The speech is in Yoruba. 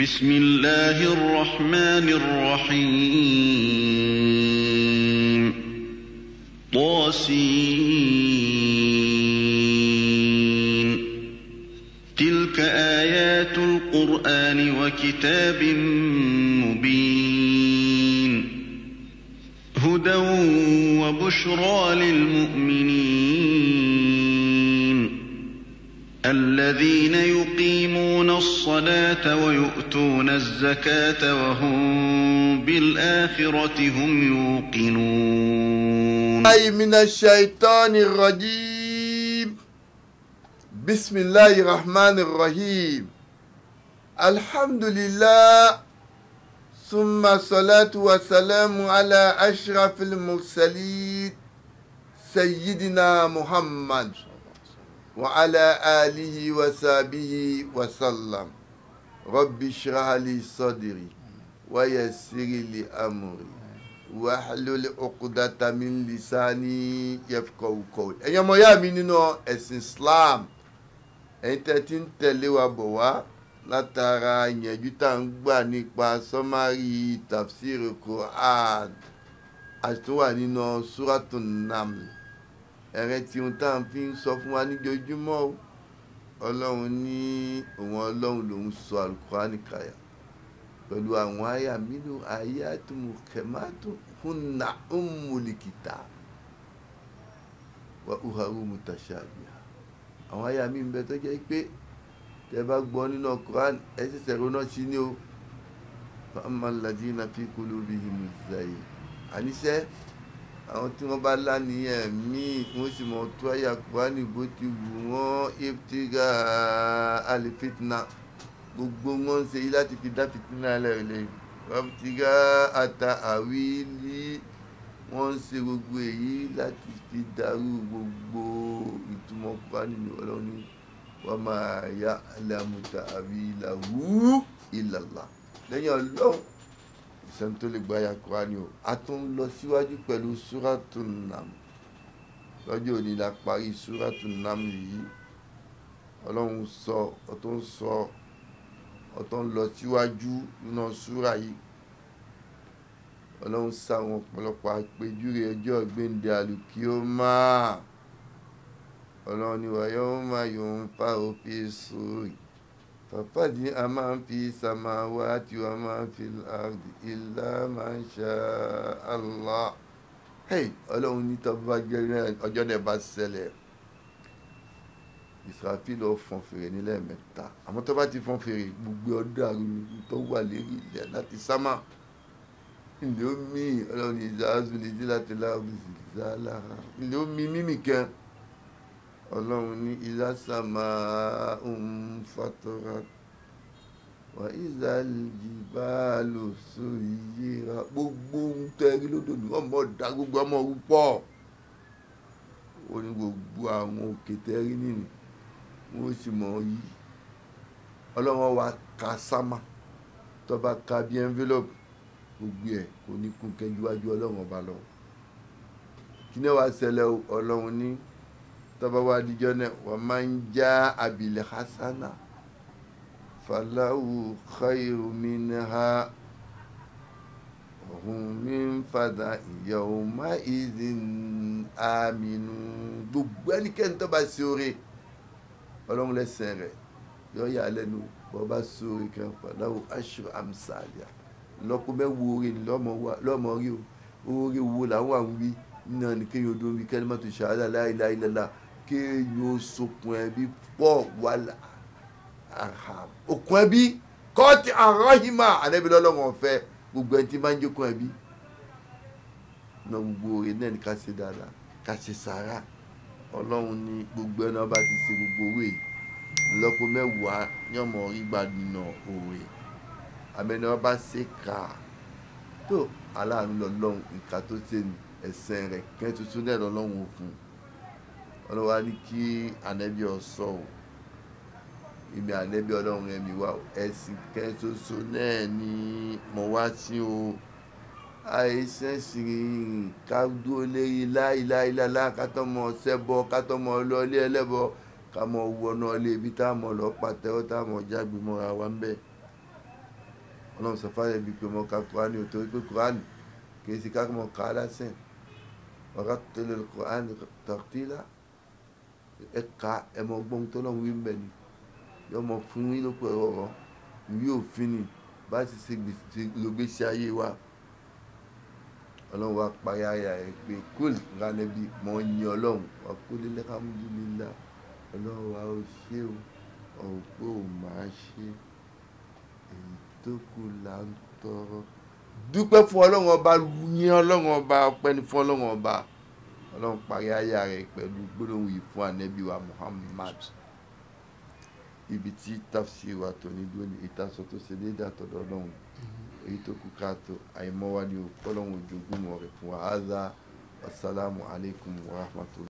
بسم الله الرحمن الرحيم طاسين تلك آيات القرآن وكتاب مبين هدى وبشرى للمؤمنين الذين يقيمون الصلاة ويؤتون الزكاة وهم بالآخرة هم يوقنون أي من الشيطان الرجيم بسم الله الرحمن الرحيم الحمد لله ثم الصلاة والسلام على أشرف المرسلين سيدنا محمد وعلى آله وصحبه وسلم رب اشرح لي صدري ويسر لي أمري واحلل عقدة من لساني يفقهوا قولي ẹ̀yin ọmọ ìyá mi nínú ẹ̀sìn Islam ẹ̀yin tẹ́ ti ń tẹ̀lé wa bọ̀ wá látara ìyẹ̀jú tá à ń gbà nípa sọ́márì tafsir Quran àti tó wà nínú súrátù Naml ẹ̀rẹ́ tí ohun tá à ń fi ń sọ fún wa níjojúmọ́ o ọlọ́run ní òun ọlọ́run lòun sọ alukurani kalẹ̀ pẹ̀lú àwọn àyà mílò àyàtúmù kẹmàtó húnà ọmọlìkìtà wà uharu mutashabiha àwọn àyà mi ń bẹ tó jẹ́ pé tẹ bá gbọ́ nínú Quran ẹ ṣẹ̀ṣẹ̀ ronú sí ni o fa amma alladhina fi qulubihim zayg àníṣẹ́ àwọn tí wọ́n bá lánìyàn míì wọ́n sì mọ̀ tó àyà kúránì bó ti wù wọ́n iftiga alifitna gbogbo wọn ń ṣe yí láti fi dá fitina lẹ́rẹ̀lẹ́ iftiga ata àwílí wọ́n ń ṣe gbogbo èyí láti fi dàrú gbogbo ìtumọ̀ kúránì ní ọlọ́ni wọ́n máa yá alámùtà àwílà wú ìlàlà lẹ́yìn ọlọ́run sẹ́ni tó lè gbáyà Kùránì o a tún lọ síwájú pẹ̀lú súrátù lọ́jọ́ òní la parí súrátù nàm yìí ọlọ́run sọ ọtún sọ ọtún lọ síwájú nínú súrà yìí ọlọ́run sáwọn ọ̀pọ̀lọpọ̀ àpèjúre ẹjọ́ gbéǹde àlùkí ó máa ọlọ́run ni wàá yọ ó máa yòó ń fa òfin sórí. ففجأ من فِي السَّمَاوَاتِ ومن فِي الْأَرْضِ إِلَّا من شَاءَ اللَّهُ hey ọlọ́run ní tó bá jẹ́ ọjọ́ náà bá ṣẹlẹ̀ Ìsírafílì lọ fọn fèrè nílẹ̀ mẹ́ta àmọ́ tó bá ti fọn fèrè gbogbo ọdún àrùn tó wà lérí ilẹ̀ láti sámà ìlú mi ọlọ́run ìzàzù lè dí láti láàrú ìzàlá ìlú mi mímì kan ọlọ́run ní ìlàsàmà òǹfàtọ́ra wà ìzàlìbálò sórí yíra gbogbo ń tẹ́rí lódòdó ọmọ ọ̀dà gbogbo ọmọ rúpọ̀ ó ní gbogbo àwọn òkè tẹ́rí nìyí wọ́n sì mọ̀ ọ́ yìí ọlọ́run wa ka sámà tó bá ka bí envelope gbogbo ẹ̀ kò ní kún kẹjúwájú ọlọ́run ọba lọ kí ni wàá ṣẹlẹ̀ ọlọ́run ní tọ́ba wa dijọ́ náà wọ́n máa ń já abilẹ̀ hasana falahu khayru minha ọ̀hún mi ń fada ìyàwó má ìzìn àmínú gbogbo ẹnikẹ́ni tọ́ba sóore ọlọ́run lẹ́sẹ̀ rẹ̀ yọ yà lẹ́nu bọ́ba sóore kan falahu ashru amsalia lọ́kọ́ mẹ́wo orin lọ́mọ rí o orin wo làwọn àwọn wí náà ní kéèyàn odò wí kalimatu shahada la ilaha kéèyàn ó sokùn ẹbí pọ̀ wàhálà òkun ẹbí kọ́ọ̀tì àrọ́hìmà ànábi lọ́lọ́wọ́n fẹ́ gbogbo ẹni tí máa ń jókòó ẹbí náà gbogbo iná ẹni ká ṣe dáadáa ká ṣe sàárà ọlọ́run ní gbogbo ẹni ọba ti ṣe gbogbo owó yìí ńlọ́pọ̀ mẹ́wàá ní ọmọ ìgbà nínà òwe àmẹ́ni ọba ṣe kà á tó aláàánú lọ́lọ́run nǹkan tó ṣe ẹ̀sẹ̀ rẹ̀ kẹ́ tuntun náà lọ́lọ́run òfin ọlọ́wà ní kí ànẹ́bí ọ̀sọ́ o ìmì ànẹ́bí ọlọ́run ẹ̀mí wa ẹ̀sìn kẹsoso náà ni mo wá sí o àìsẹ̀sìn ká dúró lérí láìláìláìlá kátọ́mọ ṣẹbọ kátọ́mọ ọlọ́ọ̀lẹ́ ẹlẹ́bọ ká mọ wọnà ọlẹ́ ibi tá a mọ̀ lọ pàtẹ́wọ́ tá a mọ̀ jágbe mọ́ra wa ń bẹ̀ ọlọ́run sọ fáyẹ̀ bíi pé mo ka kúránì ò torí pé kúránì kì í sì ká mọ̀ ká lásìn wàá ká tẹ̀lé kúránì tàkìtìlá ẹ ka ẹ mọ gbọ́n tó lọ́hùn wí bẹ́ẹ̀ ni yọ mọ fún yín ló pẹ̀lú ọ̀rọ̀ ìwé òfin ni bá ti ṣe gbèsè ló gbé sí ayé wa ọlọ́run wa parí ara ẹ pé kúl ránẹbí mọ yín ọlọ́run wa kó lélẹ́ ká mú bí nílá ọlọ́run wa ó ṣe o ọ̀hún pé ò máa ṣe èyí tó kù là ń tọrọ dúpẹ́ fún ọlọ́run ọba yín ọlọ́run ọba ọpẹ́ ni fún ọlọ́run ọba ọlọ́run parí àyà rẹ̀ pẹ̀lú gbólóhùn yìí fún ànẹ́bí wa muhammad ibi tí tafsir wa tó ní dúró ní ìtasọ tó ṣe déédé àtọ̀dọ̀ ọlọ́run mm-hmm. èyí tó kú káàtó àìmọ́wá ni ò ọlọ́run ojogún rẹ̀ fún wa haza wasalaamu alaykum wa rahmatulah.